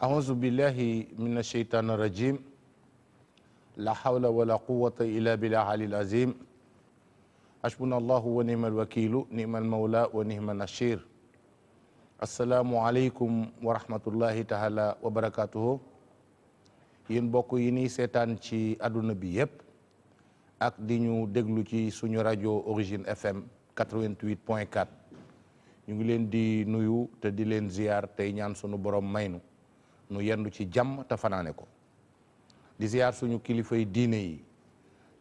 أعوذ بالله من الشيطان الرجيم لا حول ولا قوة إلا بالعلي العظيم حسبنا الله ونعم الوكيل نعم المولى ونعم النصير السلام عليكم ورحمة الله تعالى وبركاته yéen bokk yi ni seetaan ci àdduna bi yépp ak di ñu déglu ci suñu rajo Origine FM 88 point 4 ñu ngi leen di nuyu te di leen ziar tey ñaan sunu borom maynu nu yendu ci jàmm te fanaane ko di ziyaar suñu kilifay diine yi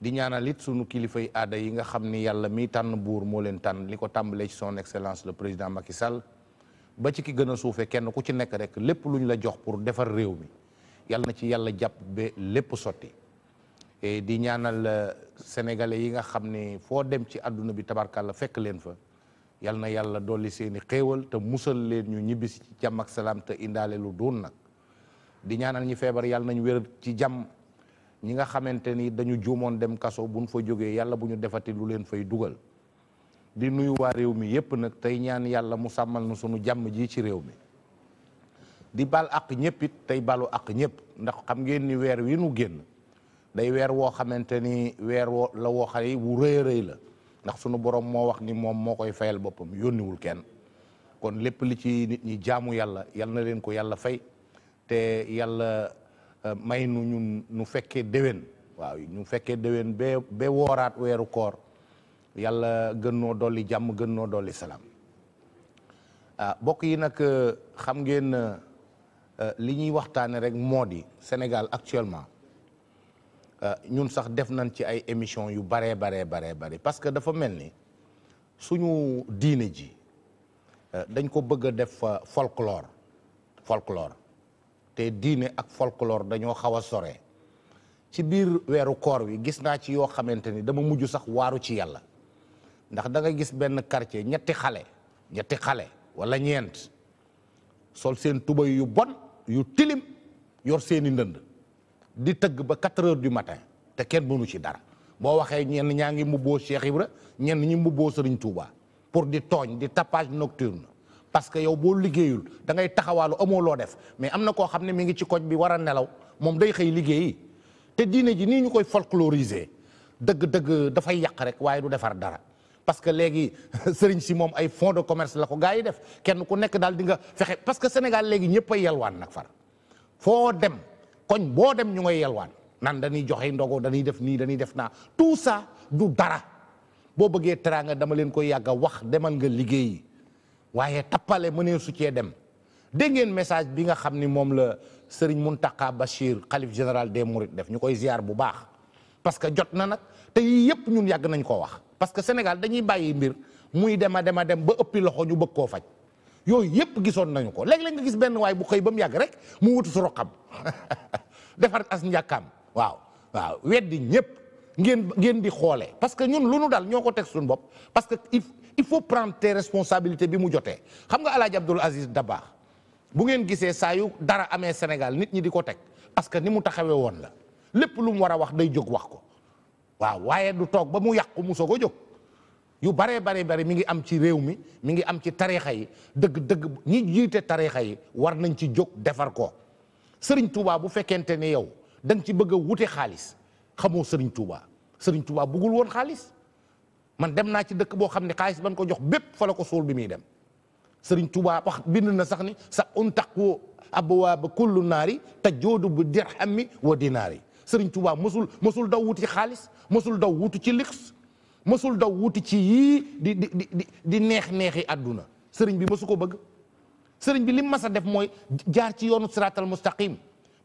di ñaanal it suñu kilifay aada yi nga xam ni yàlla miy tànn buur moo leen tànn li ko tàmbalee ci son excellence le président Macky Sall ba ci ki gën a suufee kenn ku ci nekk rek lépp lu ñu la jox pour defar réew mi yàlla na ci yàlla jàpp ba lépp sotti e di ñaanal euh, sénégalais yi nga xam ni foo dem ci àdduna bi tabarkàlla fekk leen fa yàlla na yàlla dolli seeni xéewal te musal leen ñu ñibbisi ci salaam te indaale lu doon nag di ñaanal ñi feebar yàlla nañ wér ci jàmm ñi nga xamante ni dañu juumoon dem kaso bu buñ fa jógee yàlla bu ñu defati lu leen fay dugal di nuyu waa réew mi yépp nag tey ñaan yàlla mu sàmmal nu sunu jàmm ji ci réew mi di bal ak ñëpp it tey balu ak ñëpp ndax xam ngeen ni weer wi nu génn day weer woo xamante ni weer la woo xale wu rëy rëy la ndax sunu borom moo wax ni moom moo koy fayal boppam yónniwul kenn kon lépp li ci nit ñi jaamu yàlla yal na leen ko yàlla fay te yàlla euh, may nu ñun nu fekkee déwén waaw ñu fekkee déwén bee bee wooraat weeru koor yàlla gën noo dolli jàmm gën noo dolli salaam ah bokk yi nag euh, xam ngeen euh, li ñuy waxtaane rek moo di Sénégal actuellement ñun sax def nañ ci ay émission yu baree baree baree bari parce que dafa mel ni suñu diine ji dañ ko bëgg a def folklore folklore te diine ak folklore dañoo xaw a sore ci biir weeru koor wi gis naa ci yoo xamante ni dama mujj sax waaru ci yàlla ndax da gis benn quartier ñetti xale ñetti xale wala ñeent sol seen tubay yu bon yu tilim yor seeni ndënd di tëgg ba quatre heures du matin te kenn mënu ci dara boo waxee ñenn ñaa ngi mbubboo Cheikh Ibra ñenn ñi mbubboo Sëriñ Tuuba pour di tooñ di tappage nocturne parce que yow boo liggéeyul da ngay taxawaalu amoo loo def mais am na koo xam ne mi ngi ci koñ bi war a nelaw moom day xëy liggéeyi te diine ji nii ñu koy folkloriser dëgg-dëgg dafay yàq rek waaye du defar dara parce que léegi sëriñ si moom ay fonds de commerce la ko gars yi def kenn ku nekk daal dinga fexe parce que Sénégal léegi ñëpp ay yalwaan nag far foo dem koñ boo dem ñu ngay yalwaan nan dañuy joxe ndogo dañuy def nii dañuy def naa tout ça du dara boo bëggee teraanga dama leen koy yàgg wax demal nga liggéeyi. waaye tappale mënee su cee dem dégg ngeen message bi nga xam ni moom la mun Mountakha Bachir xalif général de Mourides def ñu koy ziar bu baax parce que jot na nag te yii yëpp ñun yàgg nañ koo wax parce que Sénégal dañuy bàyyi mbir muy dema a dem a dem ba ëppi loxo ñu bëgg koo faj yooyu yëpp gisoon nañu ko léeg-léeg nga gis benn waay bu xëy ba mu yàgg rek mu wutu su roqam defar as njàkkaam waaw waaw weddi ñëpp ngeen ngeen di xoole parce que ñun lu nu dal ñoo ko teg suñu bopp il faut prendre tes responsabilités bi mu jotee xam nga Alaaji Abdoul Aziz baax bu ngeen gisee saa yu dara amee Sénégal nit ñi di ko teg parce que ni mu taxawee woon la lépp lu mu war a wax day jóg wax ko waaw waaye du toog ba mu yàqu mu soog a jóg yu baree bare bare mi ngi am ci réew mi mi ngi am ci tarixa yi dëgg dëgg ñi jiite tarixa yi war nañ ci jóg defar ko Sëriñ Tuubaa bu fekkente ne yow da nga ci bëgg a wute xaalis xamoo Sëriñ Tuubaa Sëriñ Tuubaa bëggul woon xaalis man dem naa ci dëkk boo xam ne xaalis ban ko jox bépp fa ko suul bi muy dem sëriñ Tuubaa wax bind na sax ni sa un taqu abwaaba kullu naari te joodu bu dirhami wa dinaari sëriñ Tuubaa mosul mosul daw wuti ci xaalis mosul daw wuti ci lix masul daw wuti ci yii di neex neexi àdduna sëriñ bi mosu ko bëgg sëriñ bi li mu a def mooy jaar ci yoonu siraatal mustaqim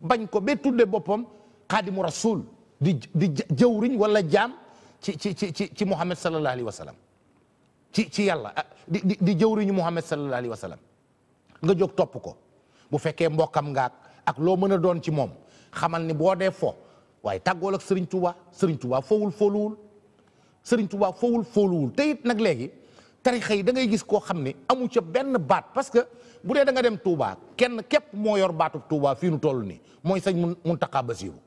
bañ ko ba tudde boppam xaadimu rasul di di jëwriñ walla jaam ci ci ci ci ci Muhammad sallallahu alayhi wa sallam ci ci yàlla ah, di di di jëwriñu Muhammad sallallahu alayhi wa sallam nga jóg topp ko bu fekkee mbokkam ngaak ak loo mën a doon ci moom xamal ni boo dee fo waaye tàggool ak Serigne Touba Serigne Touba fowul fooluwul Serigne Touba fowul fooluwul te nag léegi tarixa yi da ngay gis koo xam ne amu ca benn baat parce que bu dee danga dem Touba kenn képp moo yor baatu Touba fii nu toll nii mooy sëñ Mountakha Bassirou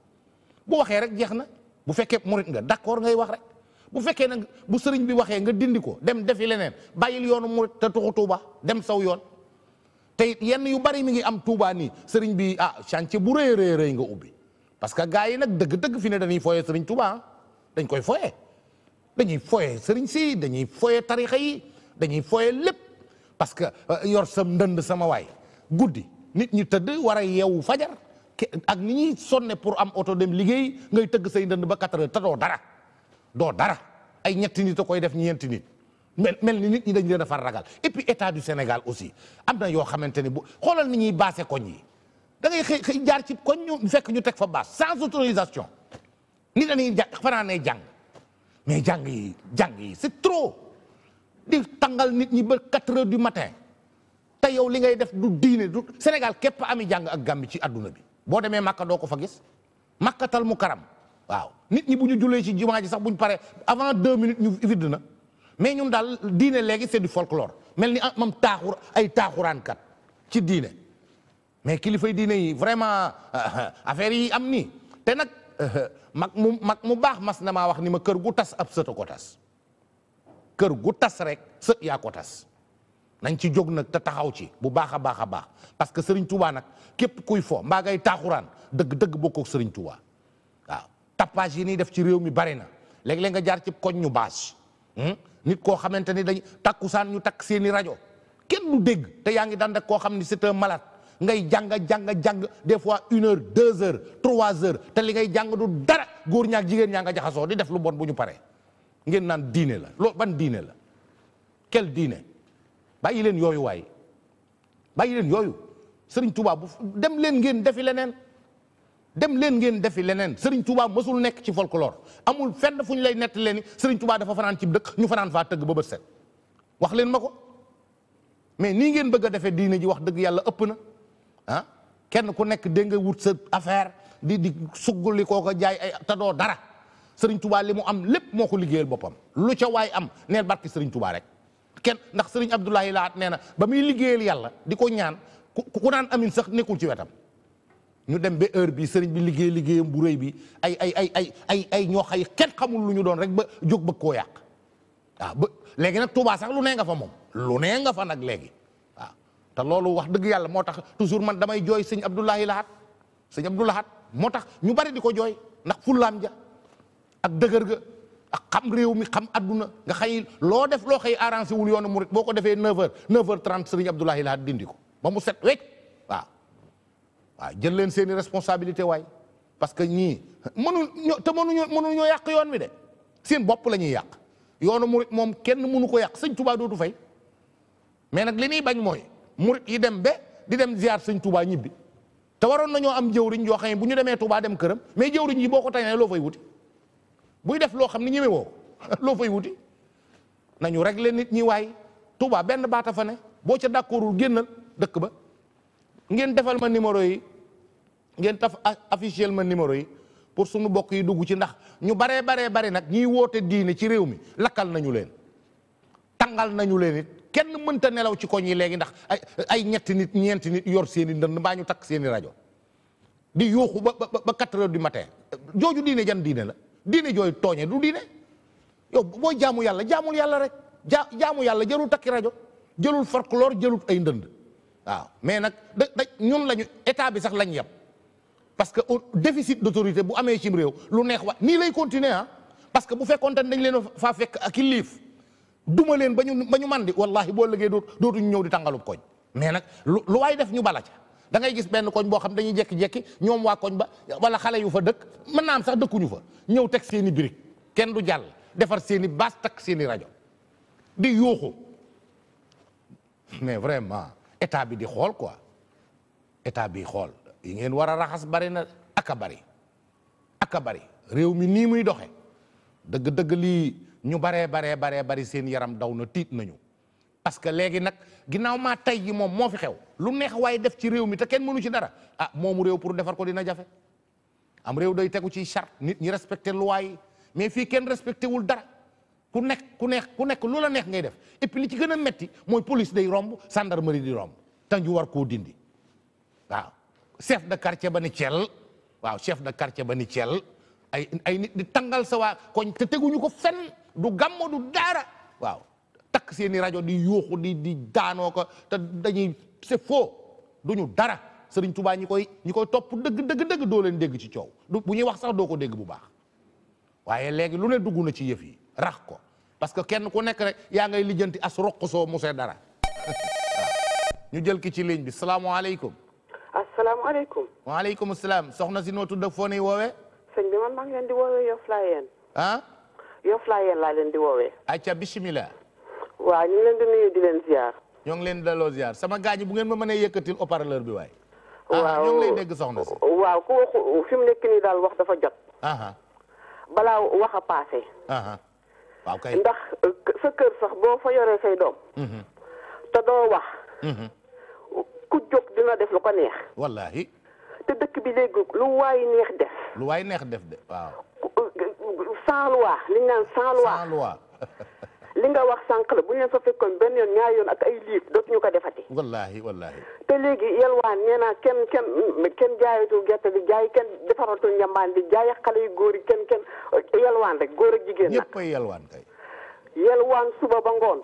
bu waxee rek jeex na bu fekkee murit nga d'accord ngay wax rek bu fekkee nag bu sëriñ bi waxee nga dindi ko dem defi leneen bàyyil yoonu murit te tuxu Touba dem saw yoon te yenn yu bari mi ngi am Touba nii sëriñ bi ah chantier bu rëy rëy rëy nga ubbi parce que gars yi nag dëgg-dëgg fi ne dañuy foyee sëriñ Touba dañ koy foyee dañuy foyee sëriñ si dañuy foyee tarixa yi dañuy fooye lépp parce que euh, yor sam ndënd sama waay guddi nit ñi tëdd war a yeewu fajar ak ni ñuy sonne pour am oto dem liggéey ngay tëgg say ndënd ba quatre heures te doo dara doo dara ay ñetti nit koy def ñeenti nit mel mel ni nit ñi dañ leen a far ragal et puis état du Sénégal aussi am na yoo xamante ni bu xoolal ni ñuy baase koñ yi da ngay xëy xëy jaar ci koñ ñu fekk ñu teg fa baas sans autorisation ni dañuy ja fanaanee jàng mais jàng yi jàng yi c'est trop di tàngal nit ñi ba quatre heures du matin te yow li ngay def du diine du Sénégal képp ami jàng ak Gàmbi ci adduna bi boo demee Makka doo ko fa gis Makkatal mu karam waaw nit ñi bu ñu julee ci jumaa ji sax bu pare paree avant deux minutes ñu vidd na mais ñun daal diine léegi c'est du folklore mel ni ah, mam taaxur ay taaxuraankat ci diine mais kilifay diine yi vraiment affaire yi am nii te nag mag mu mag mu baax mas na maa wax ni ma kër gu tas ab sët tas kër gu tas rek sët yaa ko tas nañ ci jóg nag te taxaw ci bu baax a baax a baax parce que Serigne nag képp kuy fo mbaa ngay taaxuraan dëgg-dëgg bokkoo ak Serigne Touba waaw tapage yi nii def ci réew mi bari na léeg-léeg nga jaar ci koñ ñu bâche hmm? nit koo xamante ni dañ saan ñu takk seeni rajo kenn dégg te yaa ngi daan rek koo xam ni c'est un malade ngay jànga jàng jàng des fois une deux heures trois heures te li ngay jàng dara góor ñaak jigéen ñaa nga jaxasoo di def lu bon bu ñu pare ngeen naan diine la loolu ban diine la quel diine. bàyyi leen yooyu waay bàyyi leen yooyu sëriñ Touba bu dem leen ngeen defi leneen dem leen ngeen defi leneen sëriñ Touba mësul nekk ci folklore amul fenn fu ñu lay nett leen ni sëriñ Touba dafa fanaan ci dëkk ñu fanaan faa tëgg ba bët set wax leen ma ko mais nii ngeen bëgg a defee diine ji wax dëgg yàlla ëpp na ah kenn ku nekk dégg nga wut sa affaire di di suggali kooka jaay ay tadoo dara sëriñ Touba li mu am lépp moo ko liggéeyal boppam lu ca waay am neel barki sëriñ Touba rek. kenn ndax sëriñ Abdoulaye Laat nee na ba muy liggéeyal yàlla di ko ñaan ku naan amin sax nekkul ci wetam ñu dem ba heure bi sëriñ bi liggéey liggéeyam bu rëy bi ay ay ay ay ay ay ñoo xay kenn xamul lu ñu doon rek ba jóg bëgg koo yàq waaw ba léegi nag Touba sax lu nee nga fa moom lu nee nga fa nag léegi waaw te loolu wax dëgg yàlla moo tax toujours man damay jooy sëñ Abdoulaye Laat sëñ Abdoulaye Laat moo tax ñu bari di ko jooy ndax fullaam ja ak dëgër ga ak xam réew mi xam adduna nga xay loo def loo xëy arrangé wul yoonu murit boo ko defee 9h 9h30 Serigne Abdoulaye Lahad dindi ko ba mu set wecc waaw. waaw jël leen seen i responsabilité waay parce que ñii mënuñ ñoo te mënuñu mënuñoo yàq yoon mi de seen bopp la ñuy yàq yoonu murit moom kenn mënu ko yàq sëñ Touba dootu fay mais nag li ñuy bañ mooy murit yi dem ba di dem ziar sëñ Touba ñibbi te waroon nañoo am jëwriñ yoo xam ne bu ñu demee Touba dem këram mais jëwriñ yi boo ko tañee loo fay wuti. buy def loo xam ne ñeme woo ko loo fay wuti nañu leen nit ñi waay Touba benn baata fa ne boo ca d'accordul génnal dëkk ba ngeen defal ma numéro yi ngeen taf officiel ma numéro yi pour suñu bokk yi dugg ci ndax ñu baree baree bari nag ñiy woote diine ci réew mi lakkal nañu leen tàngal nañu leen it kenn mënta nelaw ci koñ yi léegi ndax ay ay ñetti nit ñeenti nit yor seen i ndënd mbaa ñu takk seen rajo di yuuxu ba ba ba quatre heures du jooju diine jan diine la diine jooy tooñe du diine yow boo jaamu yàlla jaamul yàlla rek ja jaamu yàlla jëlul takki rajo jëlul folklore jëlul ay ndënd waaw mais nag da da ñun lañu état bi sax lañ yem parce que déficit d'autorité bu amee cim réew lu neex wax nii lay continuer ah parce que bu fekkoonte ne dañ leen faa fekk ak i liif duma leen ba ñu ba ñu mandi wallahi boo lëgee dootuñu ñëw di tàngalub koñ mais nag lu waay def ñu bala ca da ngay gis benn koñ boo xam dañuy jekki-jekki ñoom waa koñ ba wala xale yu fa dëkk mën naa sax dëkkuñu fa ñëw teg seen i kenn du jàll defar seen i baas tak seen rajo di yuuxu mais vraiment état bi di xool quoi état bi xool yi ngeen war a raxas bari na aka bari aka bari réew mi nii muy doxe dëgg-dëgg ñu baree baree baree bari seen yaram daw na tiit nañu parce que léegi nag ginnaaw maa tey ji moom moo fi xew lu neex waaye def ci réew mi te kenn mënu ci dara ah moomu réew pour defar ko dina jafe am réew day tegu ci charte nit ñi respecté lu waay mais fii kenn respecté wul dara ku nekk ku nekk ku nekk lu la neex ngay def et puis li ci gën a metti mooy police day romb gendarmerie di romb te ñu war koo dindi waaw chef de quartier ba ni Thiel waaw chef de quartier ba ni Thiel ay ay nit di tangal sawaak waa koñ te teguñu ko fenn du gàmmo du daara takk seeni rajo di yuuxu di di daanoo ko te dañuy c'est faux duñu dara Sëriñ Tuubaa ñi koy ñi koy topp dëgg dëgg dëgg doo leen dégg ci coow bu ñuy wax sax doo ko dégg bu baax waaye léegi lu ne dugg na ci yëf yi rax ko parce que kenn ku nekk rek yaa ngay lijjanti as roq soo musee dara ñu jël ki ci ligne bi salaamaaleykum. asalaamaaleykum. waaleykum salaam soxna si noo tudd ak foo nuy woowee. sëñ bi man maa leen di woowee Yof laa yéen. ah. Yof laa yéen laa leen di woowee. acca bisimilah. waaw ñu leen di nuyu di leen ziar. ñoo ngi leen di delloo sama gaañi bu ngeen ma mënee yëkkatil haut-parleur bi waaye. Ah, waaw ñoo ngi lay dégg soxna si. waaw ku wax fi mu nekk nii daal wax dafa jot. balaa wax a paase. waaw kay ndax sa kër sax boo fa yoree say doom. Mhm. te doo wax. Mhm. ku jóg dina def lu ko neex. wallaahi. te dëkk bi léegi lu waay neex def. lu waay neex def de waaw. Euh, sans loi li ñu naan sans li nga wax sànq la bu ñu leen fa fekkoon benn yoon ñaari yoon ak ay liif dootuñu ko defati. wallaahi wallaahi. te léegi yalwaan nee naa kenn kenn kenn jaayatul gerte bi jaay kenn defaratul njambaan bi jaay xale yu góor yi kenn kenn yalwaan rek góor a jigéen nag. yalwaan suba ba ngoon.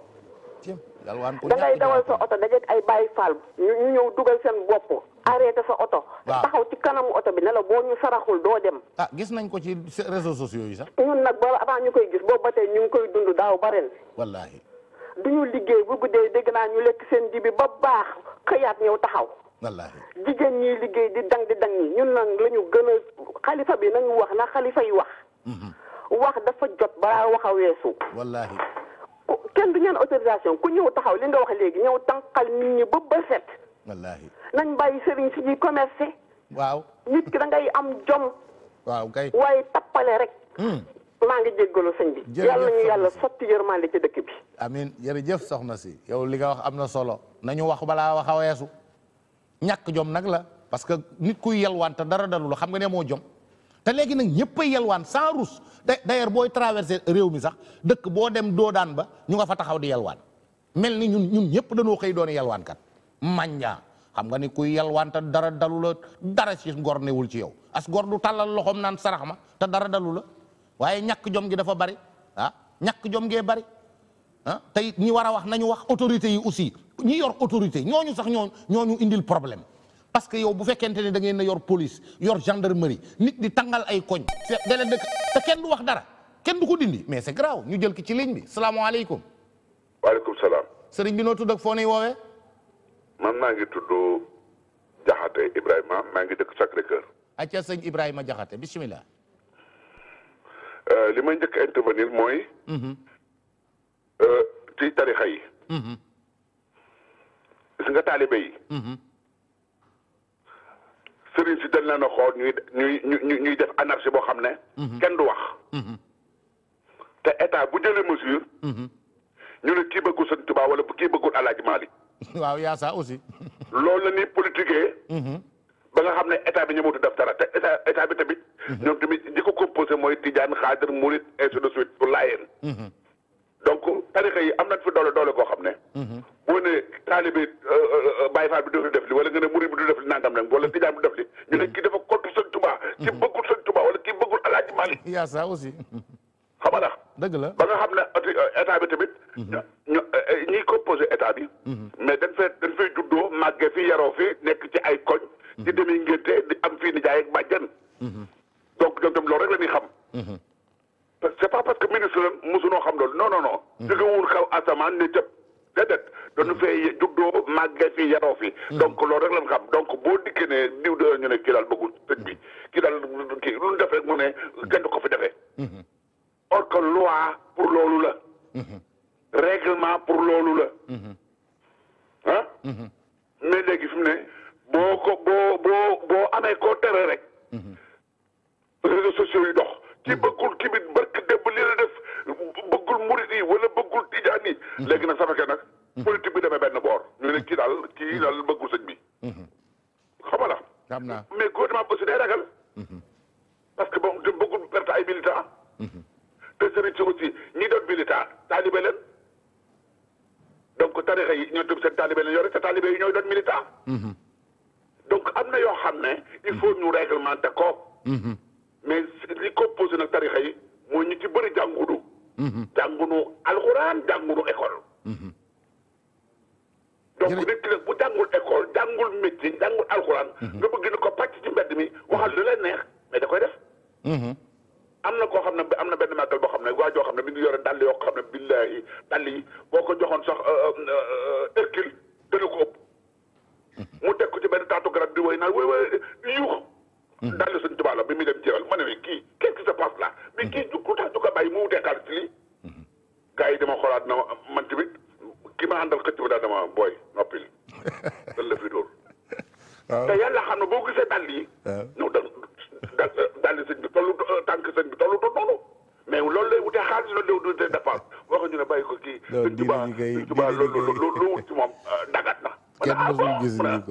yalwaan da dawal sa oto dajeeg ay Baay Faal ñu ñëw dugal seen bopp. arrêté sa oto. taxaw ci kanamu oto bi ne la boo ñu saraxul doo dem. ah gis nañ ko ci réseaux sociaux yi sax. ñun nag booba avant ñu koy gis boobu ba tey ñu ngi koy dund daaw ba ren. wallaahi. du ñu liggéey bu guddee dégg naa ñu lekk seen ji bi ba baax xëyaat ñëw taxaw. wallaahi jigéen ñi liggéey di dang di dang ñi ñun nag lañu ñu gën a xalifa bi nañu wax na xalifa yi wax. Mm-hmm. wax dafa jot balaa wax a weesu. wallaahi. kenn du ñaan autorisation ku ñëw taxaw li nga wax léegi ñëw tànqal nit ñi wallaahi nañ bàyyi sëriñ si ñuy commercé. waaw nit ki da am jom. waaw kay waaye tappale rek. Hmm. maa ngi jéggalu sëñ bi. yàlla ñu yàlla sotti yërmande ci dëkk bi. amiin jërëjëf soxna si yow li nga wax am na solo nañu wax balaa wax a weesu ñàkk jom nag la parce que nit kuy yelwaan te dara dalul xam nga ne moo jom. te léegi nag ñëpp a yelwaan sans rousse d'ailleurs booy traversé réew mi sax dëkk boo dem doo daan ba ñu nga fa taxaw di yelwaan mel ni ñun ñun ñëpp dañoo xëy doon yelwaankat manja xam nga ni kuy yalwante dara dalu la dara ci ngor newul ci yow as gor du tàllal loxoom naan sarax ma te dara dalu la waaye ñàkk jom gi dafa bari ah ñàkk jom gee bari ah te it ñi war a wax nañu wax autorité yi aussi ñi yor autorité ñooñu sax ñoo ñooñu indil problème parce que yow bu fekkente ne da ngeen na yor police yor gendarmerie nit di tàngal ay koñ dele dëkk kenn du wax dara kenn du ko dindi mais c'est grave ñu jël ki ci ligne bi salaamaaleykum waaleykum salaam man maa ngi tudd Jaxate Ibrahima maa ngi dëkk Sacré Cœur. acca sëñ Ibrahima Jaxate bisimilah. Euh, li njëkk intervenir mooy. Mhm. Euh, ci tarixa yi. Mhm. gis mhm. sëriñ si dañ leen xool ñuy ñuy ñuy def boo xam ne. kenn du wax. te état bu jëlee mesure. ñu ne kii bëggul sëñ Tuubaa wala kii bëggul Alaaji Maalik waaw yaa sa aussi. loolu la ñuy politiquer. Mm-hmm. ba nga xam ne état bi ñëwatu def te état bi tamit. Mm-hmm. ñoom tamit di ko composé mooy Tijaan Xaadir Murit ainsi de suite pour laayeen. Mm-hmm. donc tarixa yi am nañ fi doole doole koo xam ne. boo ne taalibe euh, euh, euh, Baay Faal bi du def li wala nga Murit bi du def li nangam nag wala Tijaan bi du def li. ñu ne kii dafa contre Sëñ Tuubaa. kii bëggul Sëñ Tuubaa wala kii bëggul Alaaji Maalik. yaa aussi. xam dëgg la ba nga xam ne euh, état bi tamit. Mhm. ñu euh, ñiy composé état bi. Mhm. mais dañ fee dañ fay juddoo màggee fi yaroo fi nekk ci ay koñ. di mhm. demee ngénte di am fii nijaay jaay bàjjan. donc ñoom tam loolu rek la ñuy xam. c'est pas parce que ministre la mosunoo xam loolu non non non. jóge wuur kaw asamaan ne tëb déedéet dañu fee juddoo màggee fi yaroo donc loolu rek la xam donc boo dikkee ne diw ñu ne kii daal bëggul sëñ bi kii daal kii lu ñu def kenn du ko fi defee. or que pour loolu la mhm. règlement pour loolu la ah mhm. mais mhm. léegi fi mu ne boo ko boo boo boo amee koo rek réseaux sociaux yi dox ci bëggul kibit bark débb li la def bëggul murit yi wala bëggul tijaan yi léegi na sa fekkee nag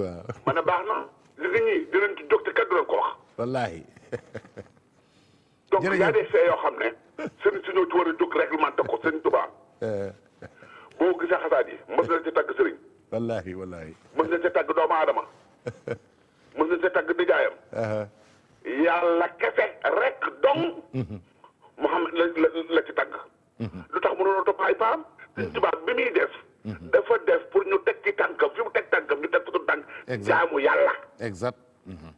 waaw man baax na li nga ñii dinañ ci ka te kaddu lañ ko wax wallaahi donc yaa des fee yoo xam ne sëriñ si ñoo ci war a jóg réglementé ko sëriñ Tuubaa eh. boo gisee xasaat yi mës na ci tàgg sëriñ wallaahi wallaahi mës na ci tàgg doomu aadama mës na ci tàgg nijaayam yàlla kese rek dong mhm. Muhammad la la ci tàgg mhm. lu tax mënoon a topp ay paam sëriñ mhm. Tuubaa bi muy def Mhm. dafa def pour ñu teg ci tànkam fi mu teg tànkam ñu teg ko suñu tànk. jaamu yàlla. exact. pas mhm.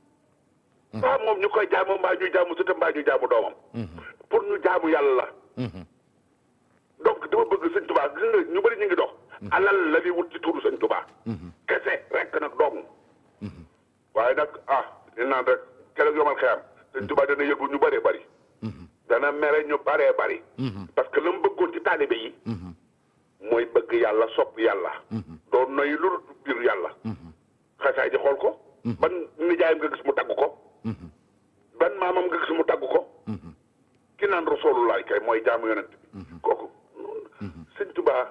mhm. moom ñu koy jaamu mbaa ñuy jaamu sëtam mbaa ñuy jaamu doomam. pour ñu jaamu yàlla la. donc dama bëgg sëñ Tuubaa gis nga ñu bëri ñu ngi dox. alal la di wut ci tuuru sëñ Tuubaa. kese rek nag doomu. waaye nag ah li naan rek keroog yomal xeyam sëñ Tuubaa dana yëgu ñu bëree bëri. dana mere ñu bëree bëri. parce que la mu bëggoon ci taalibe yi. mooy bëgg yàlla sopp yàlla mhm. doo noy lu biir yàlla mhm. xasaay ji xool ko mhm. ban nijaayam nga gis mu tagg ko ban maamam nga gis mu tagg ko ki naan rasulullah kay mooy jaamu yonent bi kooku sëñ tubaa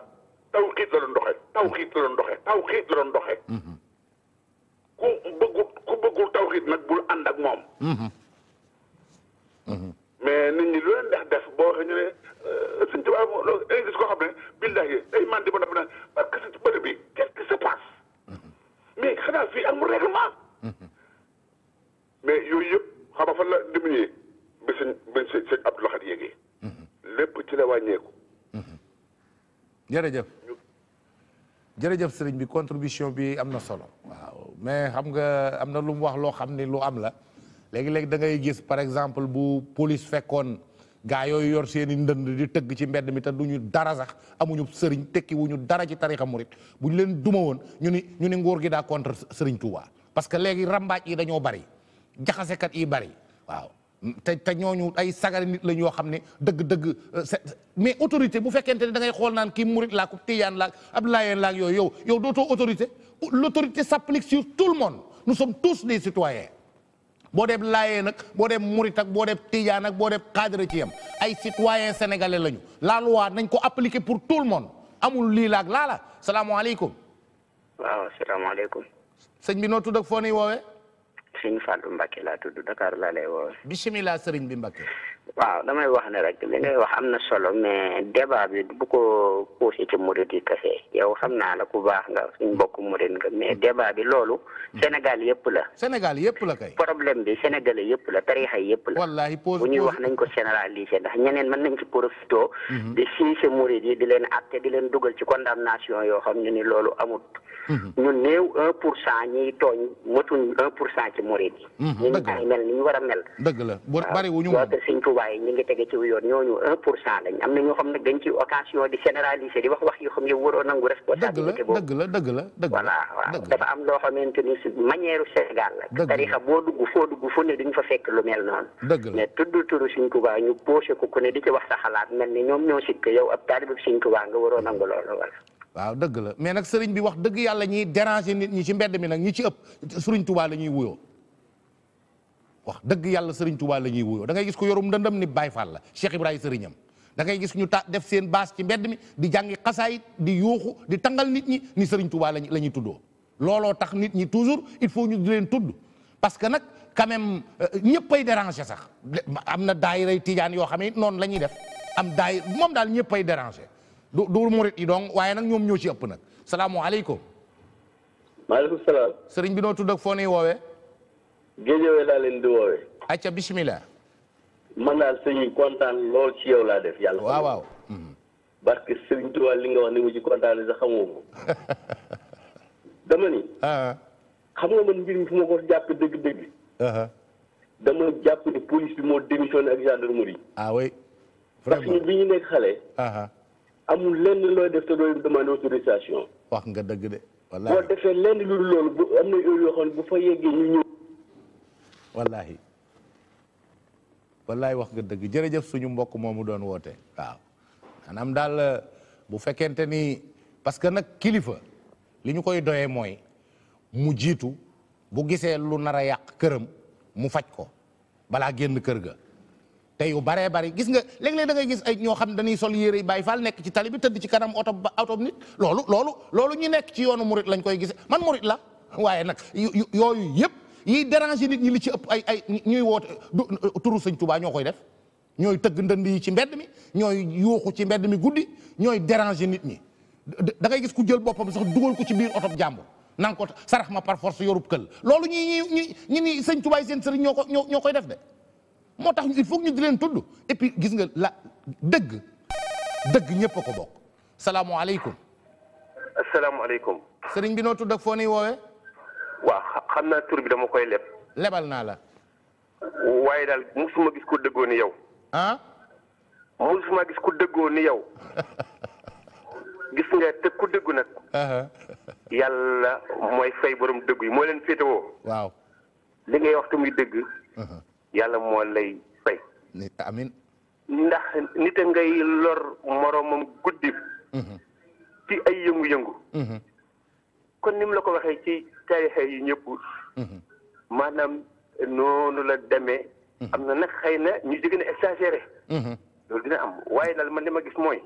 taw xiit la doon doxe taw xiit la doon doxe taw ku bëggul taw xiit nag bul ànd ak moom jërëjëf jërëjëf sëriñ bi contribution bi am na solo waaw mais xam nga am na lu mu wax loo xam ni lu am la léegi-léegi da ngay gis par exemple bu police fekkoon gaa yooyu yor seen i ndënd di tëgg ci mbedd mi te du ñu dara sax amuñu sëriñ tekki wuñu dara ci tarixa murit bu ñu leen duma woon ñu ni ñu ni nguur gi daa contre sëriñ Touba parce que léegi rambaaj yi dañoo bari jaxasekat yi bari waaw te te ñooñu ay sagari nit lañ yoo xam ne dëgg-dëgg euh, mais autorité bu fekkente ne da ngay xool naan kii murit laa ko tiyaan laa abdoulayen laa yooyu yow yow dootoo autorité l'autorité s'applique sur tout le monde nous sommes tous des citoyens boo dee laayee nag boo dee murit ak boo dee tijaan ak boo dee cadre ci yam ay citoyens sénégalais lañu la loi nañ ko appliquer pour tout le monde amul lii laak laala salaamaaleykum. waaw salaamaaleykum. sëñ bi noo tudd ak foo Serigne Fallou Mbacké laa tudd Dakar laa lay woo. bisimilah Serigne bi Mbacké. waaw damay wax ne rek li ngay wax am na solo mais bi bu ko poussé ci murid yi kese yow xam naa la ku baax nga suñ mbokk murit nga mais débat bi loolu. Hmm. Sénégal yëpp la. Sénégal yëpp la kay. problème bi sénégalais yëpp la tarixa yëpp la. wallaahi pose bu ñuy wax nañ ko généraliser ndax ñeneen mën nañ ci profito. Hmm. di siise murit yi di leen atte di leen dugal ci condamnation yoo xam ne ni loolu amut. Hmm. ñu néew un pour cent ñiy tooñ motuñ un pour cent ci murit yi. ñu ngi mel ni ñu a mel. dëgg la bari wu ñu moom waaw suñ tubaay ñi ngi tege ci yoon ñooñu un pour cent lañ am na responsabilité boobu dëgg la dëgg la dëgg la voilà waaw dafa am loo xamante ni si manière Sénégal la tarixa boo dugg foo dugg fu ne di fa fekk lu mel noonu dëgg la mais tudd turu Sëñ ko di ci wax sa xalaat mel ni ñoom ñoo sikk yow ab taalibu Sëñ Tuubaa nga waroo nangu loolu wala waaw dëgg la mais nag sëriñ bi wax dëgg yàlla ñiy déranger nit ñi ci mbedd mi nag ñi ci ëpp sëriñ Tuubaa la ñuy wuyoo wax dëgg yàlla sëriñ Tuubaa la ñuy wuyoo da ngay gis ko yorum ndëndam ni Baay Faal la Cheikh Ibrahima sëriñam da ngay gis ñu ta def seen baas ci mbedd mi di jàngi xasaayit di yuuxu di tangal nit ñi ni Serigne Touba la ñuy tuddoo looloo tax nit ñi toujours il faut ñu di leen tudd parce que nag quand même euh, ñëppay déranger sax am na daayiray tiijaan yoo xam noonu la ñuy def am daay moom daal ñëppay déranger du du murit yi donc waaye nag ñoom ñoo ci ëpp nag salaamualeykum. maaleykum salaam. sëriñ bi noo tudd foo nii woowee. Géejawaay laa leen di woowee. acca bismillah. man daal sëñ kontaan lool ci yow laa def yàlla. waaw waaw. parce mhm. que sëriñ Tuubaa li nga wax ni mu ci kontaan sax xamoo ko. dama ni. Ah. xam nga man mbir mi fu ma ko jàppee dëgg-dëgg. Uh-huh. dama jàpp ni police bi moo démissionné ak gendarmerie. ah oui parce que bi ñu nekk xale. Uh-huh. amul lenn looy def te dooy demandé autorisation. wax nga dëgg de. wallaahi boo defee lenn lu dul loolu bu am na heure xam ne bu fa yeggee ñu ñëw. wallaahi. wallaay wax nga dëgg jërëjëf suñu mbokk moomu doon woote waaw maanaam daal bu fekkente ni parce que nag kilifa li ñu koy doyee mooy mu jiitu bu gisee lu nar a yàq këram mu faj ko balaa génn kër ga te yu baree bari gis nga léeg-léeg da gis ay ñoo xam ne dañuy sol yére yi Baay Faal nekk ci tali bi tëdd ci kanam oto ba oto nit loolu loolu ñu nekk ci yoonu murit lañ koy gise man murit la waaye nag yooyu yëpp yiy déranger nit ñi li ci ëpp ay ay ñuy woote turu sëñ Touba ñoo koy def ñooy tëgg ndënd yi ci mbedd mi ñooy yuuxu ci mbedd mi guddi ñooy déranger nit ñi da ngay gis ku jël boppam sax dugal ko ci biir oto jàmbur nang ko sarax ma par force yorub kël loolu ñi ñi ñi ñi sëñ Touba yi seen sëriñ ñoo ko ñoo koy def de moo tax il faut ñu di leen tudd et gis nga la dëgg dëgg ñëpp a ko bokk salaamualeykum. asalaamualeykum. sëriñ bi noo tudd ak foo nii woowee. xam naa tur bi dama koy leb. lebal naa la. waaye daal musuma gis ko dëggoo ni yow. ah. musuma gis ko dëggoo ni yow. gis nga te ku dëggu nag. yàlla mooy fay borom dëggu yi moo leen féetewoo. waaw li ngay wax te muy dëgg. yàlla moo lay fay. amin ndax nit a ngay lor moroomam guddi. ci ay yëngu-yëngu. kon ni mu la ko waxee ci tarixa yi ñëpp mhm. maanaam noonu la demee mhm. am na nag xëy na ñu si gën a exagéré mhm. loolu dina am waaye daal man li ma gis mooy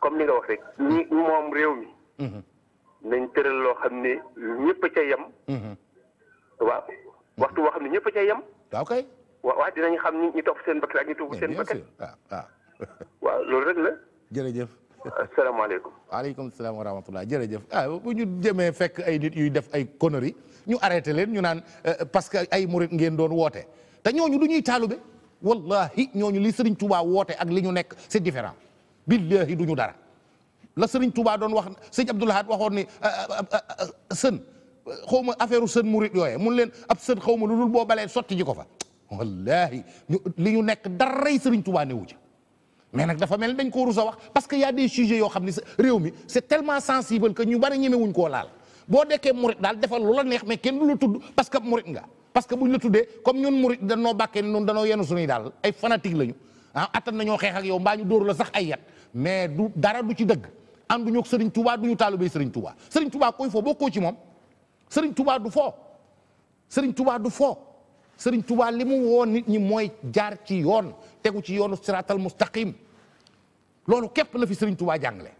comme ni nga wax rek moom réew mi nañ tëral loo xam ne ñëpp a ca yem waaw waxtu woo xam ne ñëpp cay ca yem waaw kay waaw waaw dinañ xam ñi ñu topp seen bakkan ak ñu topp seen bakkan ah, ah. waaw loolu rek la jërëjëf asalaamaaleykum. waaleykum salaam wa rahmatulah jërëjëf ah bu ñu jëmee fekk ay nit yuy def ay conneries ñu arrêté leen ñu naan euh, euh, parce que ay murit ngeen doon woote te ñooñu du ñuy taalube wallahi ñooñu li Serigne Touba woote ak li ñu nekk c'est différent billahi du ñu dara la Serigne Touba doon wax sëñ Abdoul waxoon ni euh, sën xaw ma affaire sën murit yooyee mun leen ab sën xaw ma lu dul boo balee sotti ji ko fa wallahi ñu li ñu nekk daray Serigne Touba newu ci mais nag dafa mel dañ ko rus a wax parce que y a des sujets yoo xam ne réew mi c'est tellement sensible que ñu bari ñemewuñ koo laal boo dekkee murit daal defal lu la neex mais kenn du la tudd parce que murit nga parce que buñ la tuddee comme ñun murit danoo bàkkee noonu danoo yenu suñuy daal ay fanatique lañu ah nañoo xeex ak yow mbaa ñu dóor la sax ay yat mais du dara du ci dëgg ànduñu ak Serigne Touba du ñu taalubee Serigne Touba Serigne Touba koy foo bokkoo ci moom Serigne Touba du foo Serigne Touba du foo Serigne Touba li mu woo nit ñi mooy jaar ci yoon. tegu ci yoonu siraatal mustaqim loolu képp la fi sëriñ Tuubaa jàngale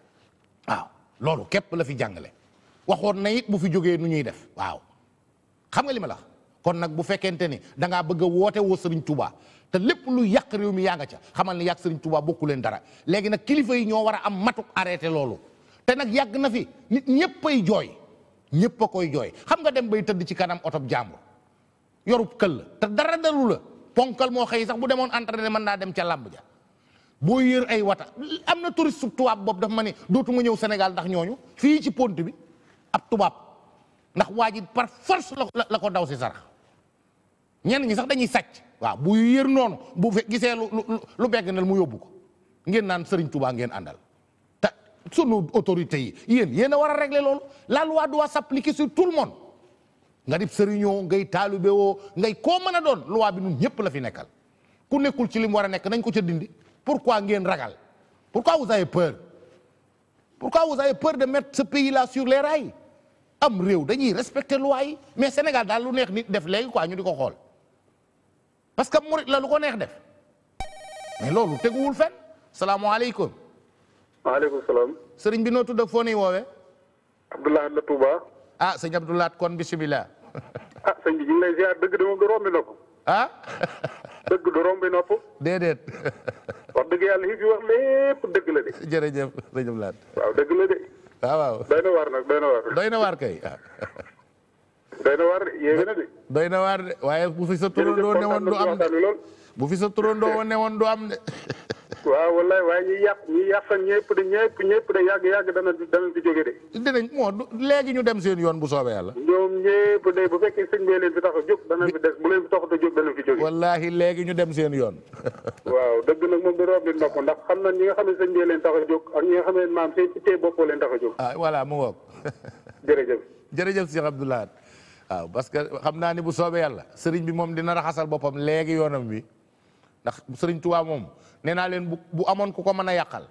waaw loolu képp la fi jàngale waxoon na it bu fi jógee nu ñuy def waaw xam nga li ma la kon nag bu fekkente ni da ngaa bëgg woote woo sëriñ tubaa te lépp lu yàq réew mi yaa nga ca xamal ni yàq sëriñ tubaa bokku leen dara léegi nag kilifa yi ñoo war a am matuk arrêté loolu te nag yàgg na fi nit ñëppay jooy ñëpp a koy jooy xam nga dem bay tëdd ci kanam otob jàmbur yorub këll te dara dalu ponkal moo xëy sax bu demoon entraîné mën naa dem ca làmb ja boo yër ay wata am na touriste tubaab boobu dafa ma ne dootuma ñëw Sénégal ndax ñooñu fii ci pont bi ab tubaab ndax waa ji par force la la ko daw si sarax ñenn ñi sax dañuy sàcc waaw bu yér noonu bu gisee lu lu begg nal mu yóbbu ko ngeen naan Serigne Touba ngeen àndal te sunu autorités yi yéen yéen a war a régler loolu la loi doit s'appliquer sur tout le moon nga dib sëriñoo ngay taalibe woo ngay koo mën a doon loi bi ñun ñëpp la fi nekkal ku nekkul ci li mu war a nekk nañ ko ca dindi pourquoi ngeen ragal pourquoi vous avez peur pourquoi vous avez peur de mettre sa pays là sur les am réew dañuy respecter loi yi mais Sénégal daal lu neex nit def léegi quoi ñu di ko xool parce que murit la lu ko neex def mais loolu teguwul fenn salaamaaleykum. maaleykum salaam. sëriñ bi noo tudd ak foo nii woowee. Abdoulaye la ah sëñ Abdou kon bisimilah. ah sëñ bi ñu ngi lay ziar dëgg dama du rombi nopp. ah. dëgg du rombi nopp. dëgg yàlla li fi dëgg la de. jërëjëf sëñ waaw dëgg la de. waaw waaw doy na waar nag doy na waar. doy na waar kay waaw. Ah. doy de waaye bu fi sa turandoo am de. waaw wallaay waaye ñi yàq ñi yàqal ñëpp de ñëpp ñëpp de yàgg yàgg dana dana di jóge de. léegi ñu dem seen yoon bu soobee yàlla. ñoom ñëpp de bu leen fi tax a jóg dana fi des bu leen fi taxut a léegi ñu dem seen yoon. waaw dëgg nag moom du roob di nopp ndax ñi nga xam ne sëñ bee leen a jóg ñi nga xam ne maam seen ittee boppoo leen tax a jóg. ah voilà mu ngoog. jërëjëf. jërëjëf Cheikh parce que xam naa ni bu soobee yàlla sëriñ bi moom dina raxasal boppam léegi yoonam wi ndax sëriñ tuwaa moom nee naa leen bu bu amoon ku ko mën a yàqal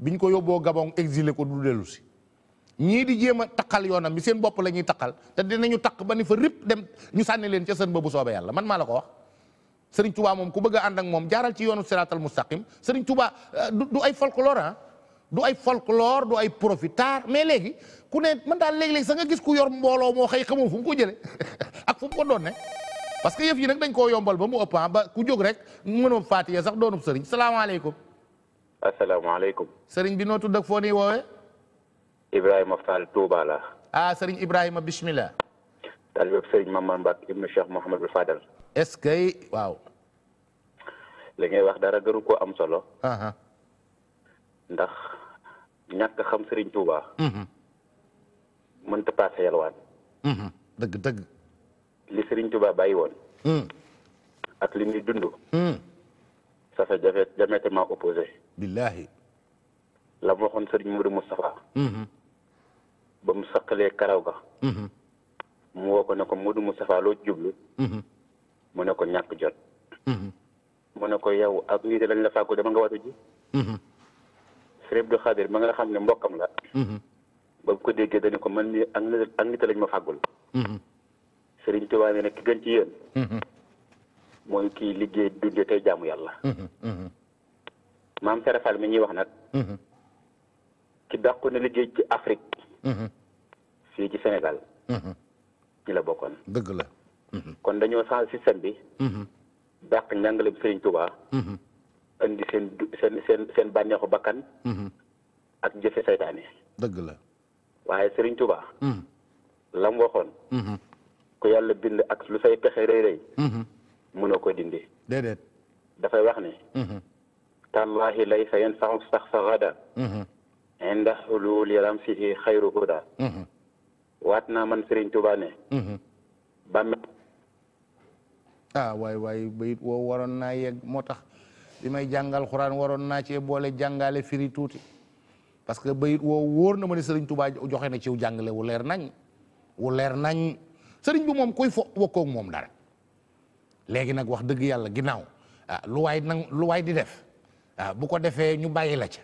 ñu ko yóbboo Gabon exilé ko du dellu si ñii di jéem a takkal yoonam bi seen bopp la ñuy takkal te dinañu taq ba ni fa rip dem ñu sànni leen ca sën ba bu soobee yàlla man maa la ko wax sëriñ Touba moom ku bëgg a ànd ak moom jaaral ci yoonu siraatal mustaqim sëriñ Touba euh, du ay folklore ah du ay folklore du ay profitard mais léegi ku ne man daal léeg-léeg sax nga gis ku yor mbooloo moo xëy xamoo fu mu ko jëlee ak fu mu ko doon ne parce que yëf yi nag dañ koo yombal ba mu ëpp ah, ba ku jóg rek mënoon faatiya sax doonub sëriñ salaamaaleykum. asalaamaaleykum. sëriñ bi noo tudd ak foo nii woowee. Ibrahima Fall Touba la. ah sëriñ Ibrahima bismillah. taalibe sëriñ Mamar Mbacke ibnu Cheikh Mouhamadul Fadal. est-ce que waaw. li ngay wax dara gëru ko am solo. Uh-huh. ndax ñàkk xam sëriñ Touba. Mm-hmm. mënta paase yalwaan. Mm-hmm. li Serigne Touba bàyyi woon. Hmm. ak li muy dund. Hmm. ça fait jamais jamais tellement opposé. billaahi. la mu waxoon Serigne Mourou Moustapha. Hmm. ba mu saqalee karaw ga. mu woo ko ne ko Mourou Moustapha loo jublu. mu ne ko ñàkk jot. mu ne ko yow ak nii de la fàggu dama nga watu ji. Serigne Abdou Khadir ma nga xam ne mbokkam la. ba bu ko déggee dañu ko man mii ak nit lañ ma fàggul. Sëriñ Tuubaa ne nag ki gën ci yéen mhm. mooy kii liggéey dunde tey jaamu yàlla mhm, mhm. maam serafal mi ñuy wax nag ci dàqu na liggéey ci Afrique fii ci Sénégal ci la bokkoon dëgg la kon dañoo change système bi dàq njàngaleem Sëriñ Tuubaa indi seen seen seen seen bànneexu bakkan ak jëfe saytaane dëgg la waaye Sëriñ Tuubaa lam waxoon ku yàlla bind ak lu say pexe rëy rëy mhm. mënoo ko dindi déedéet dafay wax ne mhm. tallaahi lay sa yen saxum sax sa gada mhm. inda xuluuli ramsihi xayru huda waat naa man Serigne Touba ne bàmme ah waay waay bayit woo waroon naa yegg moo tax bi may jàngal xuraan waroon naa cee boole jàngale firi tuuti parce que bayit woo wóor na ma ne Serigne joxe na ci jàngale wu leer nañ wu leer nañ sëriñ bi moom kuy fo wokkoog moom dara léegi nag wax dëgg yàlla ginnaaw ah, lu waay nang lu waay di def ah bu ko defee ñu bàyyi la ca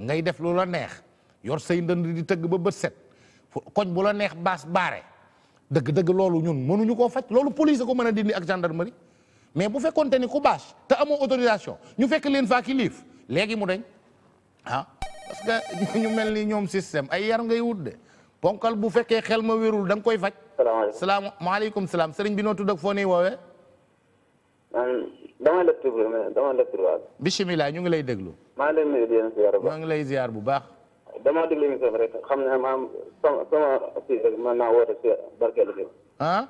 ngay def lu la neex yor say ndënd di tëgg ba bët set koñ bu la neex baas baare dëgg-dëgg loolu ñun mënuñu koo faj loolu police ko mën a dindi ak gendarmerie mais bu fekkonte ni ku bâche te amoo autorisation ñu fekk leen faa ki liif léegi mu dañ ah parce que ñu mel ni ñoom système ay yar ngay wut de ponkal bu fekkee xel ma wérul da nga koy faj salaamaaleykum salaam maaleykum salaam seriñ bi nootu tudd ak foo dama la tur dama la bisimilah ñu ngi lay déglu. maa ngi lay nuyu ziar bu baax maa ngi lay ziar bu baax. dama déglu émission bi rek ah?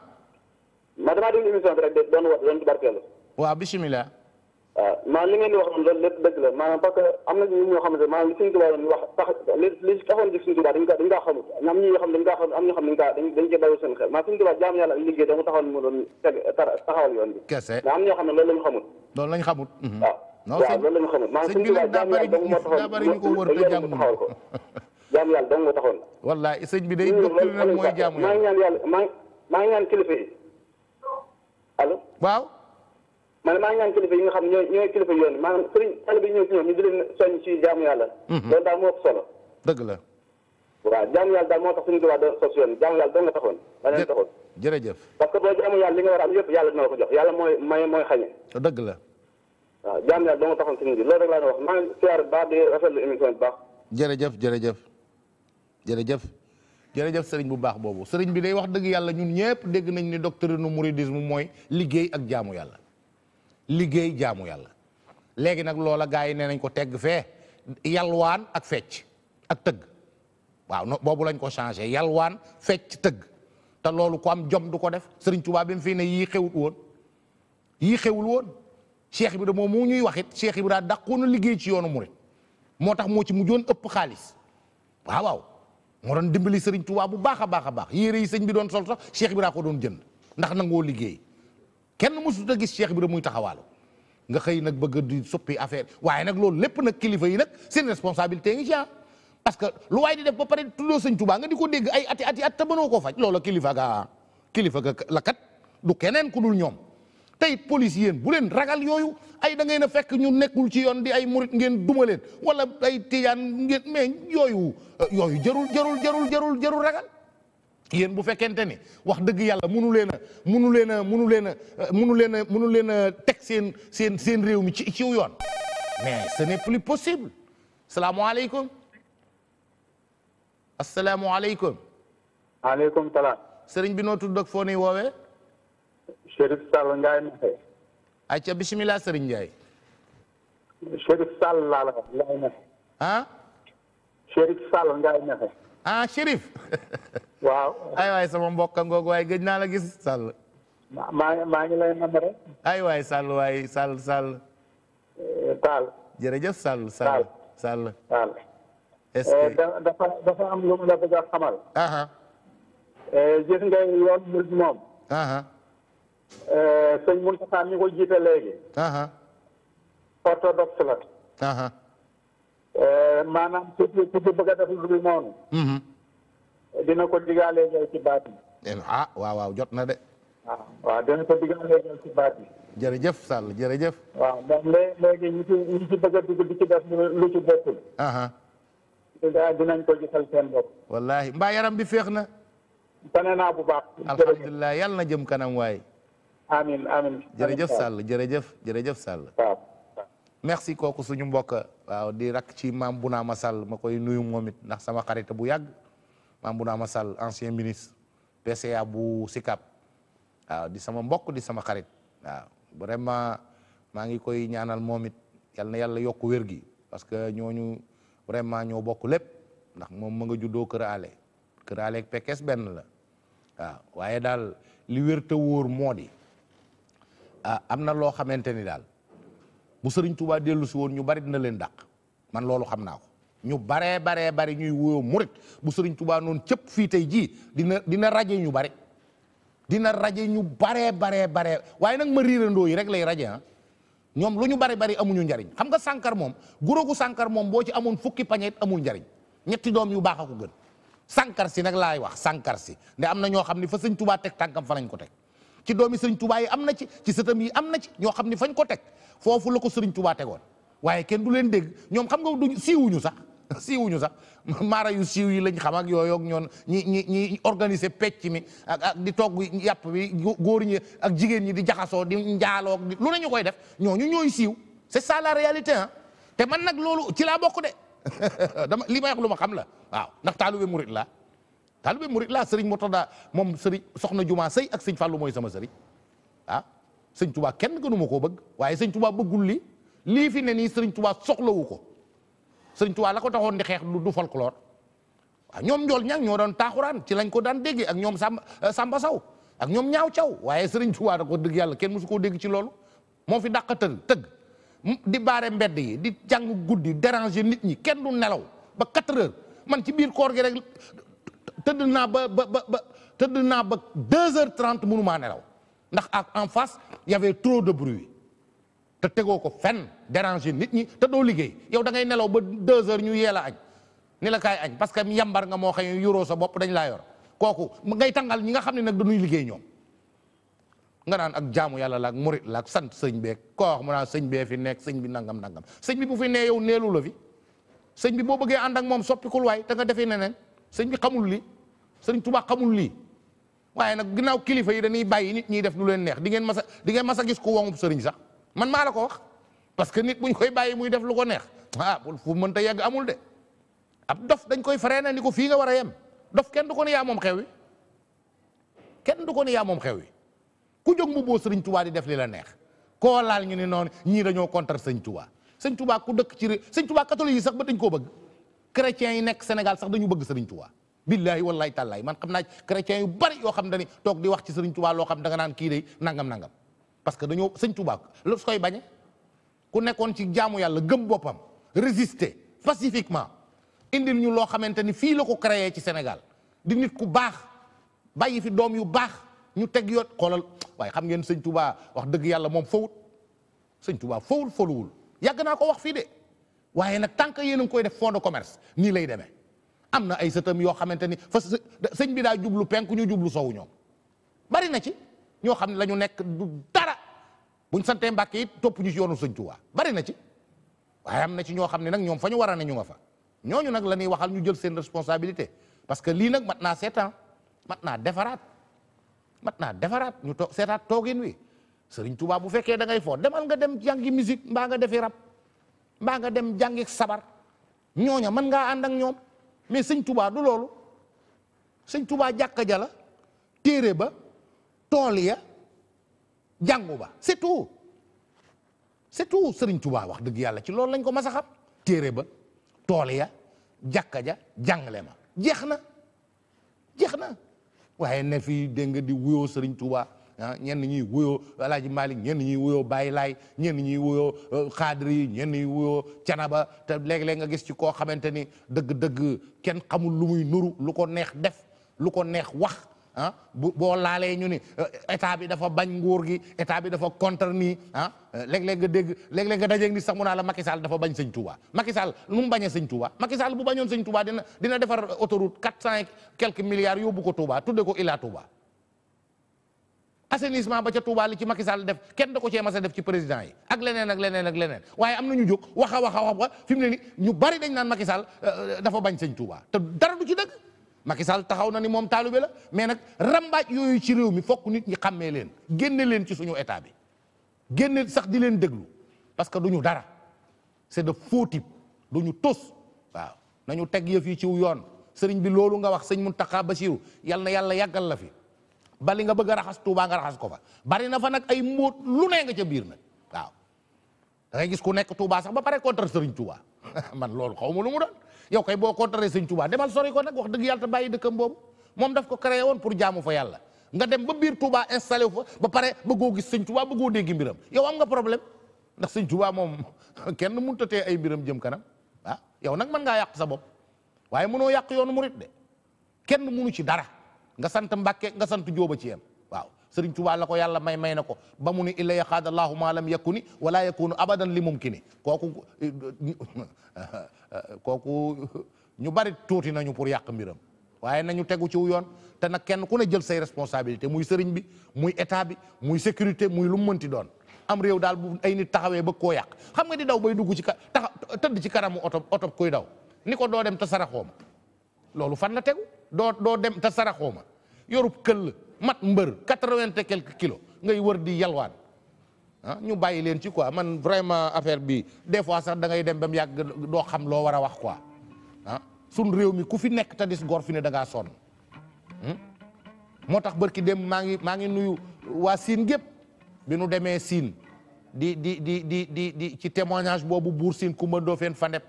ma dama déglu émission bi rek de doon woote doon barkeelu. waaw li ngeen di wax noonu loolu lépp dëgg la maanaam parce am na ñun ñoo xamante ne maanaam li suñu tubaab doon wax tax li li taxoon ci suñu tubaab dañ ko dañ kaa xamul am ñi nga xam dañ kaa xam am ñoo tubaab jaam mu taxawal yoon kese mais am ñoo xam ne loolu lañ xamul loolu lañ xamul mhm. jaam yàlla dong taxoon daa bëri ñu ko wër te ko jaam yàlla maa ñaan yàlla maa ñaan kilifa yi allo waaw man maa ngi ñaan kilifa yi nga xam ne ñooy ñooy kilifa yoon yi maanaam sëriñ taalibe yi ñëw jaamu yàlla mhm. loolu daal moo ëpp solo dëgg la waaw jaamu yàlla moo tax suñu tubaab doon sos yoon jaamu yàlla doo nga taxoon ba leen taxoon jërëjëf parce que boo jaamu yàlla li nga war a am yàlla dina la ko jox yàlla mooy may mooy dëgg la waaw jaamu doo nga taxoon suñu bi loolu rek laa wax maa ngi baax di rafetlu émission jërëjëf jërëjëf jërëjëf sëriñ bu baax boobu sëriñ bi day wax dëgg yàlla ñun ñëpp dégg nañ ni doctrine mouridisme mooy liggéey ak jaamu yàlla liggéey jaamu yàlla léegi nag loola gars yi nee nañ ko tegg fee yalwaan ak fecc ak tëgg waaw no boobu lañ ko changé yalwaan fecc tëgg te loolu ko am jom du ko def Sëriñ Tuubaa bi mu fii ne yii xewul woon yii xewul woon Cheikh Ibra moom mu ñuy wax it Cheikh Ibra dàqoon na liggéey ci yoonu murit moo tax moo ci mujjoon ëpp xaalis waaw moo doon dimbali Sëriñ Tuubaa bu baax baax a baax yére yi sëñ bi doon sol sax Cheikh Ibra ko doon jënd ndax nangoo liggéey kenn mosut a gis bi Ibra muy taxawaalu nga xëy nag bëgg di suppi affaire waaye nag loolu lépp nag kilifa yi nag seen responsabilité ngi ci ah parce que lu waay di def ba pare tuddoo sëñ Tuubaa nga di ko dégg ay ati ati at te mënoo koo faj loola kilifa ga kilifa ga la kat du keneen ku dul ñoom tey police bu leen ragal yooyu ay da ngeen a fekk ñu nekkul ci yoon di ay murit ngeen duma leen wala ay tijaan ngeen mais yooyu yooyu jarul jarul jarul jarul jarul ragal yéen bu fekkente ni wax dëgg yàlla munu leen a munu leen a munu leen a euh, munu leen a munu leen teg seen seen seen réew mi ci ciw yoon mais ce n'est plus possible salaamaaleykum asalaamaaleykum aleykum salaam sëriñ bi noo tudd ak foo nuy woowee Chérif acca bisimilah sëriñ Ndiaye Chérif Sall laa la Ngaye Mekhe ah Chérif ah Chérif. waaw. ay waay sama mbokk ngoog waaye gëj naa la gis Sall. maa maa ngi lay nam rek. ay waay Sall waay Sall Sall. Eh, Tall. jërëjëf Sall Sall Sall. Tall est eh, dafa dafa am lu mu la bëgg a xamal. Eh, gis nga yoon mu moom. sëñ Mountakha mi ko jiite léegi. orthodoxe la. Eh, maanaam ku ci ci bëgg a def lu dul mm-hmm. dina ko digaalee ngay ci baat yi. Eh, ah waaw waaw jot na de. waaw ah, waaw dina ko digaalee Sall jërëjëf. waaw moom bëgg a ko gisal seen bopp. mbaa yaram bi féex na. tane naa bu baax. alhamdulilah yàlla na jëm kanam waay. amiin amiin. jërëjëf Sall jërëjëf jërëjëf Sall. waaw. merci kooku suñu mbokk waaw di rakk ci maam Bounama Sall ma koy nuyu moomit ndax sama xarita bu yàgg maam ma Sall ancien ministre PCA bu SICAP waaw di sama mbokk di sama xarit waaw vraiment maa ngi koy ñaanal moom it yal na yàlla yokk wér gi parce que ñooñu vraiment ñoo bokk lépp ndax moom ma nga juddoo Kër Ale Kër Ale ak benn la waaw waaye daal li wér te wóor moo di ah am na loo xamante ni daal. bu sëriñ Touba dellu si woon ñu bari dina leen dàq man loolu xam naa ko ñu baree baree bari ñuy wuyoo murit bu sëriñ Touba noonu cëpp fii tey jii dina dina raje ñu bari dina raje ñu baree baree baree waaye nag ma riirandoo yi rek lay raje ah. ñoom lu ñu bari bari amuñu njariñ xam nga sànkar moom guro gu sànkar moom boo ci amoon fukki pañet amul njariñ ñetti doom yu baax a ko gën sànkar si nag laay wax sànkar si nde am na ñoo xam ne fa sëñ tubaa teg tànkam fa lañ ko teg ci doomi sëriñ tubaa am na ci ci sëtam yi am na ci ñoo xam ni fañ ko teg foofu la ko sëriñ tubaa tegoon waaye kenn du leen dégg ñoom xam nga du siiwuñu sax siiwu ñu sax maara yu siiw yi lañ xam ak yooyu ñoon ñi ñi ñi organiser pecc mi ak di togg yàpp bi góor ñi ak jigéen ñi di jaxasoo di njaaloo di lu nañu koy def ñooñu ñooy siiw c'est ça la réalité ah te man nag loolu ci laa bokk de dama li may lu ma xam la waaw ndax taalu be murit la taalibe murit laa sëriñ Murtada moom sëriñ soxna Juma sëy ak sëñ Fàllu mooy sama sëriñ ah sëñ Tuubaa kenn gënuma koo bëgg waaye sëñ Tuubaa bëggul li lii fi ne nii sëriñ Tuubaa soxlawu ko sëriñ Tuubaa la ko taxoon di xeex du folklore waaw ñoom njool ñang ñoo doon taaxuraan ci lañ ko daan déggee ak ñoom Samba euh, Samba Saw ak ñoom ñaaw caw waaye sëriñ Tuubaa da ko dëgg yàlla kenn mosu koo dégg ci loolu moo fi dàq tëgg tëgg di baare mbedd yi di jàng guddi déranger nit ñi kenn du nelaw tëdd naa ba ba ba tëdd naa ba deux heures trente mënu maa nelaw ndax ak en face y avait trop de bruit te tegoo ko fen déranger nit ñi te doo liggéey yow da ngay nelaw ba deux heures ñu yee la añ ni la kaay añ parce yambar nga moo xëy yoroo sa bopp dañ laa yor kooku ngay tàngal ñi nga xam ne nag dañuy liggéey ñoom nga naan ak jaamu yàlla la ak murit la sant sëñ beek koo wax mu naan sëñ bee fi nekk sëñ bi nangam nangam sëñ bi bu fi nee yow neelu la fi sëñ bi boo bëggee ànd moom soppikul waay te nga defee neneen sëñ bi xamul li sëñ Tuubaa xamul lii waaye nag ginnaaw kilifa yi dañuy bàyyi nit ñiy def lu leen neex di ngeen mas a di ngeen mas gis ku wamub sëriñ sax man maa la ko wax parce que nit buñ koy bàyyi muy def lu ko neex ah fu mën ta yegg amul de ab dof dañ koy freiné ni ko fii nga war a yem dof kenn du ko ne yaa moom xew wi kenn du ko ne yaa moom xew wi ku jog mu boo sëriñ Tuubaa di def li la neex koo laal ñu ne noonu ñii dañoo contre sëñ Tuubaa sëñ Tuubaa ku dëkk ci réew sëñ Tuubaa catholique yi sax ba dañ koo bëgg chrétiens yi nekk Sénégal sax dañu bëgg Serigne Touba billahi wallahi tallahi man xam naa chrétiens yu bari yoo xam dañu toog di wax ci Serigne loo xam da nga naan kii day nangam nangam parce que dañoo Serigne Touba lu su koy bañe ku nekkoon ci jaamu yàlla gëm boppam résister pacifiquement lu ñu loo xamante ni fii la ko créé ci Sénégal di nit ku baax bàyyi fi doom yu baax ñu teg yoot xoolal waaye xam ngeen sëñ Touba wax dëgg yàlla moom fawut sëñ Touba fawul waaye nag tant que yéen a koy def fond de commerce nii lay demee am na ay sëtam yoo xamante ni fa sëñ bi daa jublu penku ñu jublu sowu ñoom bari na ci ñoo xam ne la nekk du dara buñ santee mbàkke it topp ñu yoonu sëñ Tuubaa bari na ci waaye am na ci ñoo xam ne nag ñoom fa ñu war a ne ñu nga fa ñooñu nag la ñuy waxal ñu jël seen responsabilité parce que lii nag mat naa seetaan ah, mat naa defaraat mat naa defaraat ñu toog seetaat toogin wi sëriñ Tuubaa bu fekkee da ngay foo demal nga dem jàngi musique mbaa nga defi rap mbaa nga dem jàngi sabar ñooña mën nga ànd ak ñoom mais sëñ tubaa du loolu sëñ tubaa jàkka ja la téere ba tool ya jàngu ba c'est tout c'est tout tubaa wax dëgg yàlla ci loolu lañ ko mas a xam téere ba tool ya jàkka ja jàngale ma jeex na jeex na waaye ne fii dégg nga di wuyoo sëriñ tubaa ah ñenn ñuy wuyoo El Hadj Malick ñenn ñuy wuyoo Baye Laay ñenn ñuy wuyoo euh, xaadir yi ñenn ñuy wuyoo canaba te léeg-léeg nga gis ci koo xamante ni dëgg-dëgg kenn xamul lu muy nuru lu ko neex def lu ko neex wax ah bu boo laalee ñu ni euh, état bi dafa bañ nguur gi état bi dafa contre nii ah euh, léeg-léeg nga dégg léeg-léeg nga dajeeg ni sax mu naa la Macky Sall dafa bañ sëñ Touba Macky Sall nu mu bañee sëñ Touba Macky bu bañoon sëñ Touba dina defar autoroute quatre cent et quelques milliards yóbbu ko Touba tudde ko Ila assainissement ba ca Touba ci Macky def kenn da ko cee mas a def ci président yi ak leneen ak leneen ak leneen waaye am na ñu jóg wax a wax a wax fi ne ni ñu bari dañ naan Macky Sall euh, euh, dafa bañ sañ Touba te dara du ci dëgg Macky Sall taxaw na ni moom taalube la mais nag rambaaj yooyu ci réew mi fokk nit ñi xàmmee leen génne leen ci suñu état bi génne sax di leen déglu parce que du ñu dara c'est de faux type du ñu tos waaw nañu teg yëf yi ciw yoon sëriñ bi loolu nga wax sëñ Mountakha Bassirou yal na yàlla yàggal la fi. ba li nga bëgg raxas Touba nga raxas ko fa bari na fa nag ay mbóot lu nee nga ca biir nag waaw da gis ku nekk Touba sax ba pare contre Serigne Touba man loolu xaw ma lu mu doon yow kay boo contre Serigne Touba demal sori ko nag wax dëgg yàlla bàyyi dëkkam boobu moom daf ko créé woon pour jaamu fa yàlla nga dem ba biir Touba installé wu fa ba pare bëggoo gis Serigne Touba bëggoo dégg mbiram yow am nga problème ndax Serigne Touba moom kenn mënut a ay mbiram jëm kanam ah yow nag man ngaa yàq sa bopp waaye mënoo yàq yoonu murit de kenn mënu ci dara. nga sant Mbàkke nga sant Jóoba ci yem waaw Sëriñ Tuubaa la ko yàlla may may na ko ba mu ni illa yaxaada allahu ma lam yakuni wala yakunu abadan li mumkini kooku kooku ñu bari tuuti nañu pour yàq mbiram waaye nañu tegu ciw yoon te nag kenn ku ne jël say responsabilité muy sëriñ bi muy état bi muy sécurité muy lu mu mënti doon am réew daal bu ay nit taxawee ba koo yàq xam nga di daw bay dugg ci ka tëdd ci kanamu oto oto kuy daw ni ko doo dem te saraxooma doo doo dem te saraxoo ma yorub këll mat mbër quatre-vingt et quelques kilos ngay wër di yalwaan ah ñu bàyyi leen ci quoi man vraiment affaire bi des fois sax da ngay dem ba mu yàgg doo xam loo war a wax quoi ah sun réew mi ku fi nekk te dis gor fi ne da ngaa sonn hmm? moo tax bër ki dem maa ngi maa ngi nuyu waa siin gépp bi nu demee siin di di di di di di ci témoignage boobu buur siin Kumba Ndoofeen Fandeb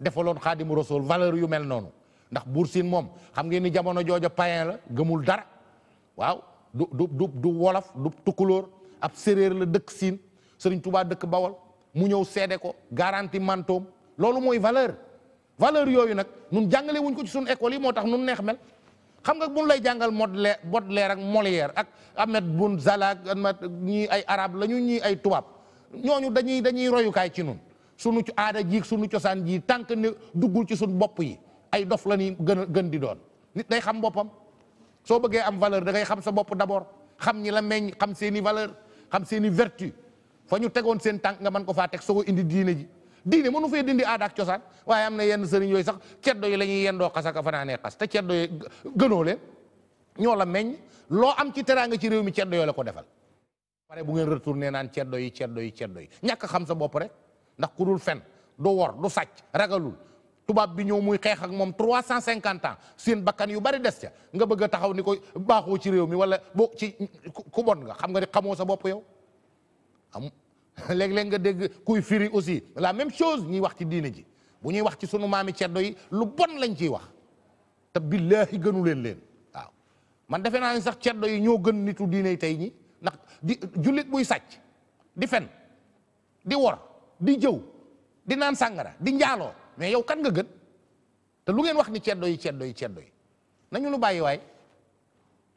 defaloon Xaadimu Rasuul valeur yu mel noonu ndax buur siin moom xam ngeen ni jamono jooja païen la gëmul dara waaw du du du wolof du tukulóor ab séréer la dëkk siin sëriñ tubaa dëkk bawol mu ñëw seede ko garanti mantoom loolu mooy valeur valeur yooyu nag nun jàngale ko ci suñu école yi moo tax nun neex mel xam nga buñ lay jàngal Baudelaire Baudelaire ak Molière ak Ahmed Bounzala ak ñii ay arabe la ñu ñii ay tubaab ñooñu dañuy dañuy royukaay ci nun sunu aada ji sunu cosaan ji tànk ne duggul ci suñ bopp yi ay dof la ñuy gën a gën di doon nit day xam boppam soo bëggee am valeur da ngay xam sa bopp d'abord xam ñi la meññ xam seeni i valeur xam seen i vertu fa ñu tegoon seen tànk nga man ko faa teg soo indi diine ji diine mënu fee dindi aada ak cosaan waaye am na yenn sëriñ yooyu sax ceddo yi la ñuy yendoo xas ak fanaanee xas te ceddo yi gënoo leen ñoo la meññ loo am ci teraanga ci réew mi ceddo yoo la ko defal pare bu ngeen retourné naan ceddo yi ceddo yi ceddo yi ñàkk xam sa bopp rek ndax ku dul fen du du sàcc ragalul tubaab bi ñëw muy xeex ak moom trois cent cinquante ans seen bakkan yu bari des ca nga bëgg taxaw ni ko baaxoo ci réew mi wala boo ci ku bon nga xam nga ni xamoo sa bopp yow am léeg-léeg nga dégg kuy firi aussi la même chose ñuy wax ci diine ji bu ñuy wax ci sunu maami ceddo yi lu bon lañ ciy wax te billaahi gënu leen leen waaw man defe naa ni sax ceddo yi ñoo gën nitu diine yi tey ñi ndax di jullit buy sàcc di fen di wor di jëw di naan sàngara di njaaloo mais yow kan nga gën te lu ngeen wax ni ceddo yi ceddo yi ceddo yi nañu nu bàyyi waay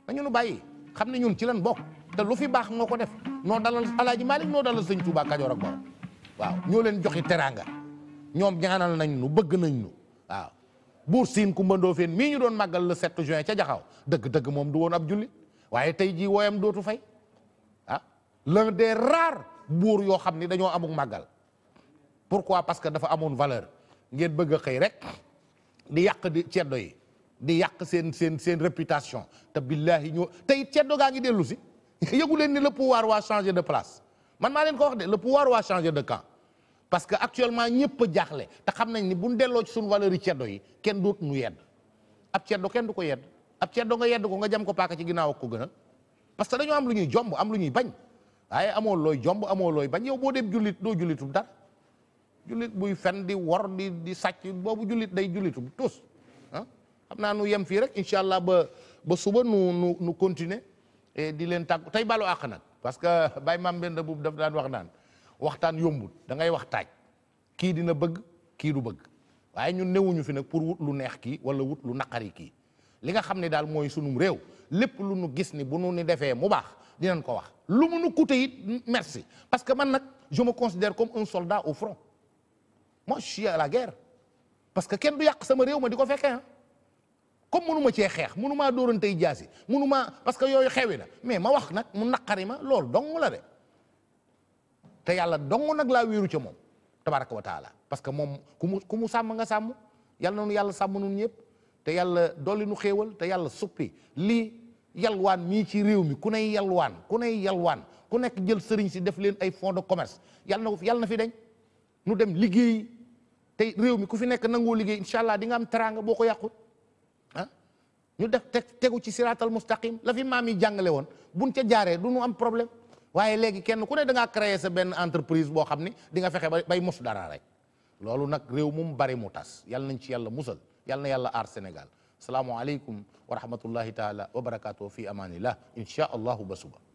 nañu nu bàyyi xam ne ñun ci leen bokk te lu fi baax noo ko def noo dalal alaaji Malick noo dalal sëñ Touba Kajoor ak Bawol waaw ñoo leen joxi teraanga ñoom ñaanal nañ nu bëgg nañ nu waaw buur siin Kumba Ndoofeen mii ñu doon màggal le 7 juin ca jaxaw dëgg-dëgg moom du woon ab jullit waaye tey jii wooyam dootu fay ah l'un des buur yoo xam ni dañoo amuk màggal pourquoi parce que dafa amoon valeur ngeen bëgg a xëy rek di yàq di ceddo yi di yàq seen seen seen réputation te billaahi ñoo tey ceddo gaa ngi dellu si yëgu leen ni le pouvoir waa changer de place man maa leen ko wax de le pouvoir waa changer de camp parce que actuellement ñëpp a jaaxle te xam nañ ni bu buñ delloo ci suñu valeur yi ceddo yi kenn doot nu yedd ab ceddo kenn du ko yedd ab ceddo nga yedd ko nga jam ko paaka ci ginnaaw ak ko gënal parce que dañoo am lu ñuy jomb am lu ñuy bañ waaye amoo looy jomb amoo looy bañ yow boo dem jullit doo jullitum dara jullit buy fen di wor di di sàcc boobu jullit day jullitu tous ah xam naa nu yem fii rek incha allah ba ba suba nu nu nu continuer eh, di leen tàggu tey balu àq nag parce que Baye Mame Mbenda Mbuub daf daan wax naan waxtaan yombul da ngay wax taaj kii dina bëgg kii du bëgg waaye ñun newuñu fi nag pour wut lu neex kii wala wut lu naqari kii li nga xam ne daal mooy sunum réew lépp lu nu gis ni bu nu ni defee mu baax dinañ ko wax lu mu nu coûter it merci parce que man nag je me considère comme un soldat au moi je suis à la guerre parce que kenn du yàq sama réew ma di ko fekkee ah comme mënu ma cee xeex mënu maa dóorantey jaasi mënu maa parce que yooyu xewi na mais ma wax nag mu naqari ma lool dong la de te yàlla dong nag laa wéeru ca moom tabaraka wa taala parce que moom ku mu ku mu sàmm nga sàmm yàlla na nu yàlla sàmm nun ñëpp te yàlla dolli nu xéewal te yàlla suppi lii yalwaan mii ci réew mi ku ney yalwaan ku ney yalwaan ku nekk jël sëriñ si def leen ay fonds de commerce yàlla na yàlla na fi dañ tey réew mi ku fi nekk nangoo liggéey incha allah di nga am teraanga boo ko yàqut ah ñu def tegu ci siraatal mustaqim la fi maam yi jàngale woon buñ ca jaaree du ñu am problème waaye léegi kenn ku ne da ngaa créer sa benn entreprise boo xam ni dinga nga fexe bay mos dara rek loolu nag réew mu bari mu tas yàlla nañ ci yàlla musal yàlla na yàlla aar Sénégal salaamualeykum wa rahmatullahi taala wa barakaatu fi amaanillah incha allahu ba suba